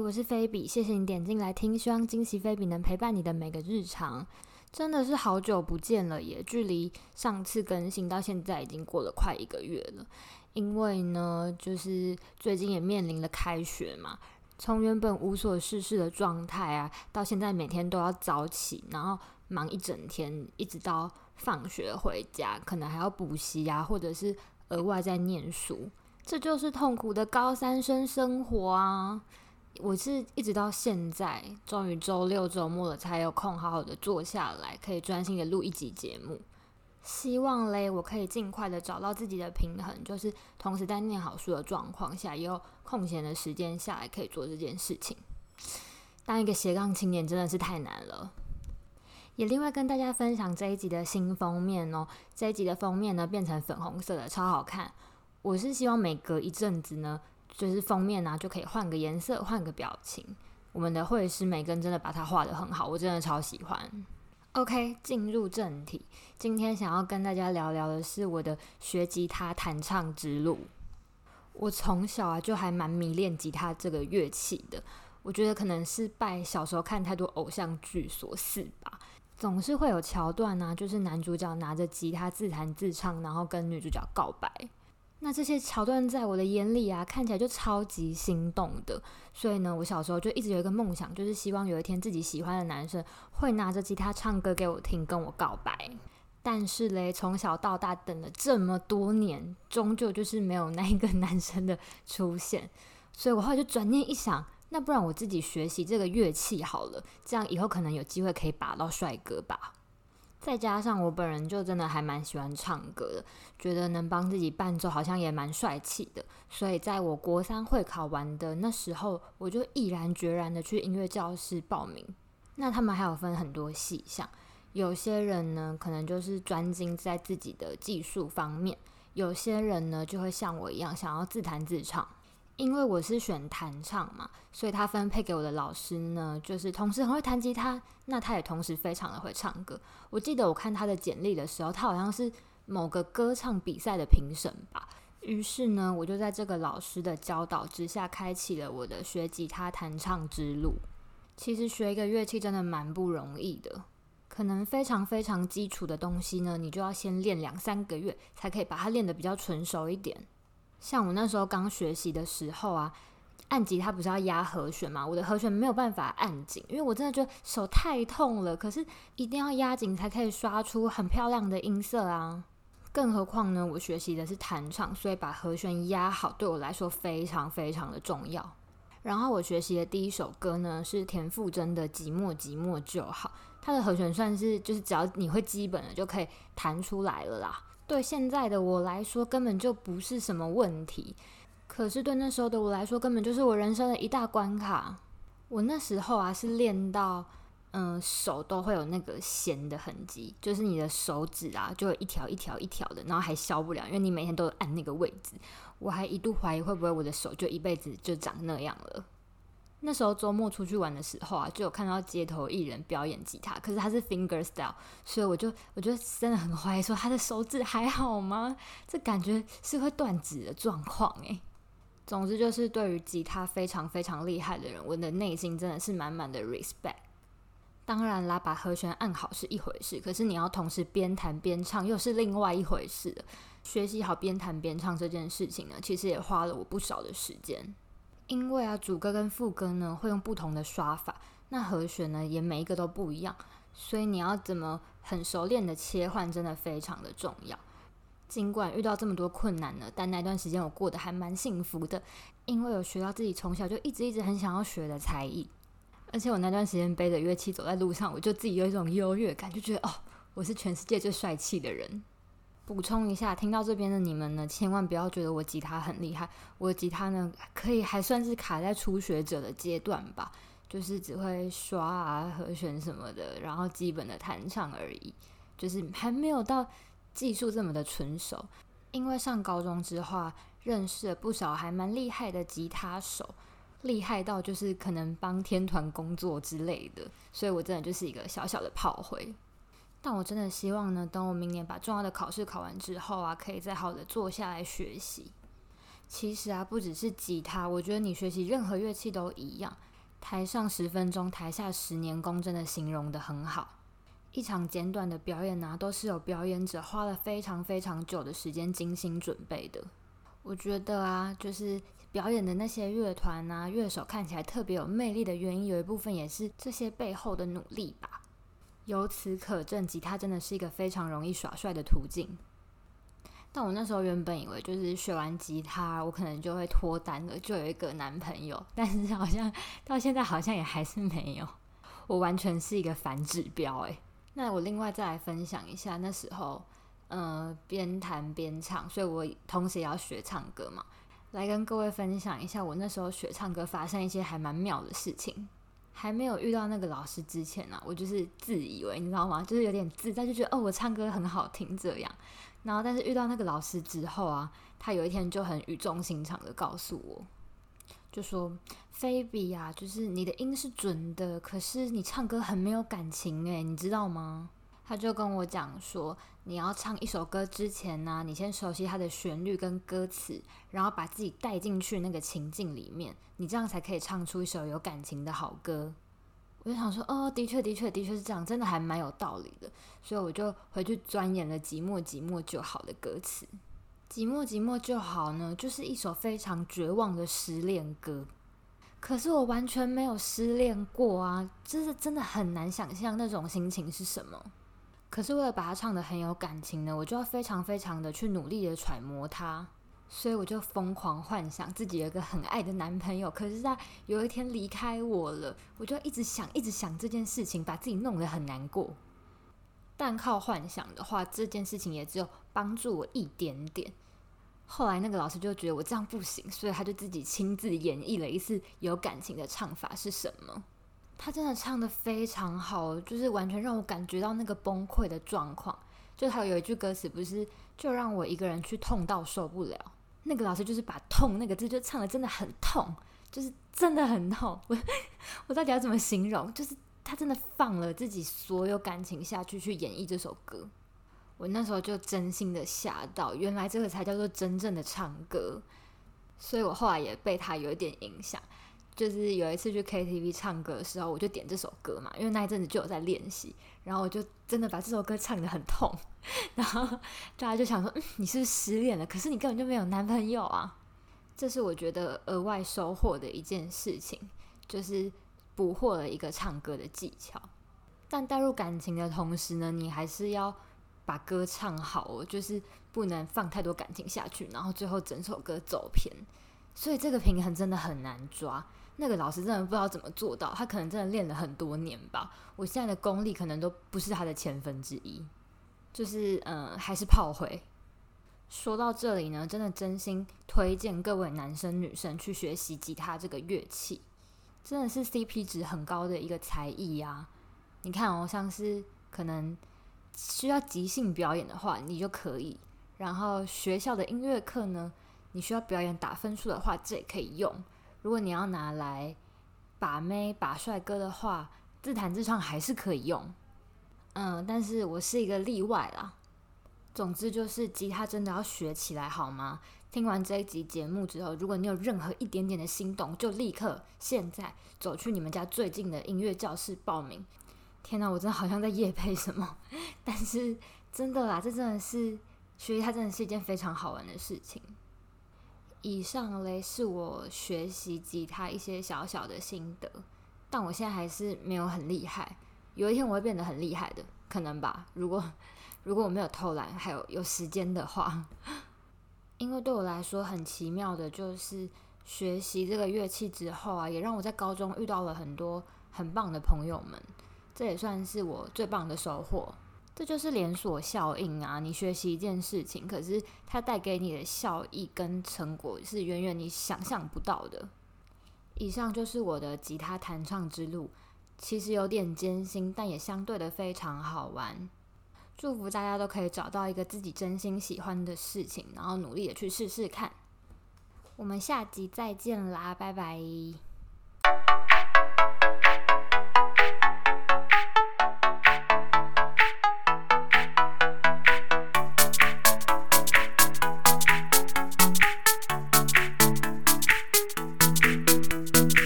我是菲比，謝謝你點進來聽，希望今昔菲比能陪伴你的每個日常。真的是好久不見了，耶，距離上次更新到現在已經過了快一個月了。因為呢，就是最近也面臨了開學嘛，從原本無所事事的狀態啊，到現在每天都要早起，然後忙一整天，一直到放學回家，可能還要補習啊，或者是額外再念書。這就是痛苦的高三生生活啊。我是一直到現在，終於周六周末了才有空好好的坐下來，可以專心的錄一集節目。希望嘞，我可以儘快的找到自己的平衡，就是同時在念好書的狀況下，也有空閒的時間下來可以做這件事情。當一個斜槓青年真的是太難了。也另外跟大家分享這一集的新封面哦，這一集的封面呢，變成粉紅色的，超好看。我是希望每隔一陣子呢。就是封面吶、啊，就可以換個顏色，換個表情。我們的繪師美根真的把它畫得很好，我真的超喜歡。OK，進入正題，今天想要跟大家聊聊的是我的學吉他彈唱之路。我從小啊就還蠻迷戀吉他這個樂器的，我覺得可能是拜小時候看太多偶像劇所賜吧，總是會有橋段啊，就是男主角拿着吉他自彈自唱，然後跟女主角告白。那這些橋段在我的眼裡啊，看起來就超級心動的。所以呢，我小時候就一直有一個夢想，就是希望有一天自己喜歡的男生會拿着吉他唱歌給我聽，跟我告白。但是嘞，從小到大等了這麼多年，終究就是沒有那一個男生的出現。所以我後來就轉念一想，那不然我自己學習這個樂器好了，這樣以後可能有機會可以把到帥哥吧。再加上我本人就真的還蠻喜歡唱歌的，覺得能幫自己伴奏好像也蠻帥氣的，所以在我國三會考完的那時候，我就毅然決然的去音樂教室報名。那他們還有分很多細項，有些人呢可能就是專精在自己的技術方面，有些人呢就會像我一樣想要自彈自唱。因為我是選彈唱嘛，所以他分配給我的老師呢，就是同時很會彈吉他，那他也同時非常的會唱歌。我記得我看他的簡歷的時候，他好像是某個歌唱比賽的評審吧。於是呢，我就在這個老師的教導之下，開啟了我的學吉他彈唱之路。其實學一個樂器真的蠻不容易的，可能非常非常基礎的東西呢，你就要先練兩三個月，才可以把它練得比較純熟一點。像我那時候剛學習的時候啊，按吉他不是要壓和絃嘛？我的和絃沒有辦法按緊，因為我真的覺得手太痛了。可是一定要壓緊才可以刷出很漂亮的音色啊！更何況呢，我學習的是彈唱，所以把和絃壓好對我來說非常非常的重要。然後我學習的第一首歌呢是田馥甄的《寂寞寂寞就好》，它的和絃算是就是只要你會基本的就可以彈出來了啦。對現在的我來說，根本就不是什麼問題。可是對那時候的我來說，根本就是我人生的一大關卡。我那時候啊，是練到嗯、呃、手都會有那個弦的痕跡，就是你的手指啊，就有一條一條一條的，然後還消不了，因為你每天都按那個位置。我還一度懷疑會不會我的手就一輩子就長那樣了。那時候周末出去玩的時候啊，就有看到街頭藝人表演吉他，可是他是 finger style，所以我就我就真的很懷疑說他的手指還好嗎？這感覺是會斷指的狀況欸。總之就是對於吉他非常非常厲害的人，我的內心真的是滿滿的 respect。當然啦，把和弦按好是一回事，可是你要同時邊彈邊唱又是另外一回事。學習好邊彈邊唱這件事情呢，其實也花了我不少的時間。因為啊，主歌跟副歌呢會用不同的刷法，那和弦呢也每一個都不一樣，所以你要怎麼很熟練的切換，真的非常的重要。儘管遇到這麼多困難呢，但那段時間我過得還蠻幸福的，因為有學到自己從小就一直一直很想要學的才藝，而且我那段時間背着樂器走在路上，我就自己有一種優越感，就覺得哦，我是全世界最帥氣的人。補充一下，聽到這邊的你們呢，千萬不要覺得我吉他很厲害。我吉他呢，可以還算是卡在初學者的階段吧，就是只會刷啊和弦什麼的，然後基本的彈唱而已，就是還沒有到技術這麼的純熟。因為上高中之後，認識了不少還蠻厲害的吉他手，厲害到就是可能幫天團工作之類的，所以我真的就是一個小小的炮灰。但我真的希望呢，等我明年把重要的考試考完之後啊，可以再好的坐下來學習。其實啊，不只是吉他，我覺得你學習任何樂器都一樣。台上十分鐘，台下十年功，真的形容得很好。一場簡短，短的表演啊，都是有表演者花了非常非常久的時間精心準備的。我覺得啊，就是表演的那些樂團啊，樂手看起來特別有魅力的原因，有一部分也是這些背後的努力吧。由此可證，吉他真的是一個非常容易耍帥的途徑。但我那時候原本以為，就是學完吉他，我可能就會脫單了，就有一個男朋友。但是好像到現在好像也還是沒有，我完全是一個反指標誒。那我另外再來分享一下，那時候呃，邊彈邊唱，所以我同時也要學唱歌嘛。來跟各位分享一下，我那時候學唱歌發生一些還蠻妙的事情。還沒有遇到那個老師之前呢、啊，我就是自以為，你知道嗎？就是有點自在，就覺得哦，我唱歌很好聽這樣。然後，但是遇到那個老師之後啊，他有一天就很語重心長的告訴我，就說：“菲比啊，就是你的音是準的，可是你唱歌很沒有感情、欸，誒，你知道嗎？”他就跟我講說：“你要唱一首歌之前呢、啊，你先熟悉它的旋律跟歌詞，然後把自己帶進去那個情境裡面，你這樣才可以唱出一首有感情的好歌。”我就想說：“哦，的確，的確，的確是這樣，真的還蠻有道理的。”所以我就回去鑽研了《寂寞寂寞就好》的歌詞。《寂寞寂寞就好》呢，就是一首非常絕望的失戀歌。可是我完全沒有失戀過啊，就是真的很難想象那種心情是什麼。可是為了把它唱得很有感情呢，我就要非常非常的去努力的揣摩它，所以我就瘋狂幻想自己有一個很愛的男朋友，可是他有一天離開我了，我就一直想一直想這件事情，把自己弄得很難過。但靠幻想的話，這件事情也只有幫助我一點點。後來那個老師就覺得我這樣不行，所以他就自己親自演繹了一次有感情的唱法是什麼。他真的唱得非常好，就是完全讓我感覺到那個崩潰的狀況。就還有有一句歌詞，不是就讓我一個人去痛到受不了。那個老師就是把“痛”那個字就唱得真的很痛，就是真的很痛。我我到底要怎麼形容？就是他真的放了自己所有感情下去去演繹這首歌。我那時候就真心的嚇到，原來這個才叫做真正的唱歌。所以我後來也被他有一點影響。就是有一次去 KTV 唱歌的時候，我就點這首歌嘛，因為那一陣子就有在練習，然後我就真的把這首歌唱得很痛，然後大家就想說：“嗯，你是不是失戀了，可是你根本就沒有男朋友啊！”這是我覺得額外收穫的一件事情，就是捕獲了一個唱歌的技巧。但帶入感情的同時呢，你還是要把歌唱好，就是不能放太多感情下去，然後最後整首歌走偏，所以這個平衡真的很難抓。那個老師真的不知道怎麼做到，他可能真的練了很多年吧。我現在的功力可能都不是他的千分之一，就是嗯、呃，還是炮灰。說到這裡呢，真的真心推薦各位男生女生去學習吉他這個樂器，真的是 CP 值很高的一個才藝啊！你看哦，像是可能需要即興表演的話，你就可以；然後學校的音樂課呢，你需要表演打分數的話，這也可以用。如果你要拿來把妹、把帥哥的話，自彈自唱還是可以用。嗯、呃，但是我是一個例外啦。總之就是，吉他真的要學起來好嗎？聽完這一集節目之後，如果你有任何一點點的心動，就立刻現在走去你們家最近的音樂教室報名。天哪、啊，我真的好像在業配什麼，但是真的啦，這真的是學吉他，真的是一件非常好玩的事情。以上呢，是我學習吉他一些小小的心得，但我現在還是沒有很厲害。有一天我會變得很厲害的，可能吧？如果如果我沒有偷懶，還有有時間的話。因為對我來說很奇妙的就是學習這個樂器之後啊，也讓我在高中遇到了很多很棒的朋友們，這也算是我最棒的收穫。這就是連鎖效應啊！你學習一件事情，可是它帶給你的效益跟成果是遠遠你想象不到的。以上就是我的吉他彈唱之路，其實有點艱辛，但也相對的非常好玩。祝福大家都可以找到一個自己真心喜歡的事情，然後努力的去試試看。我們下集再見啦，拜拜！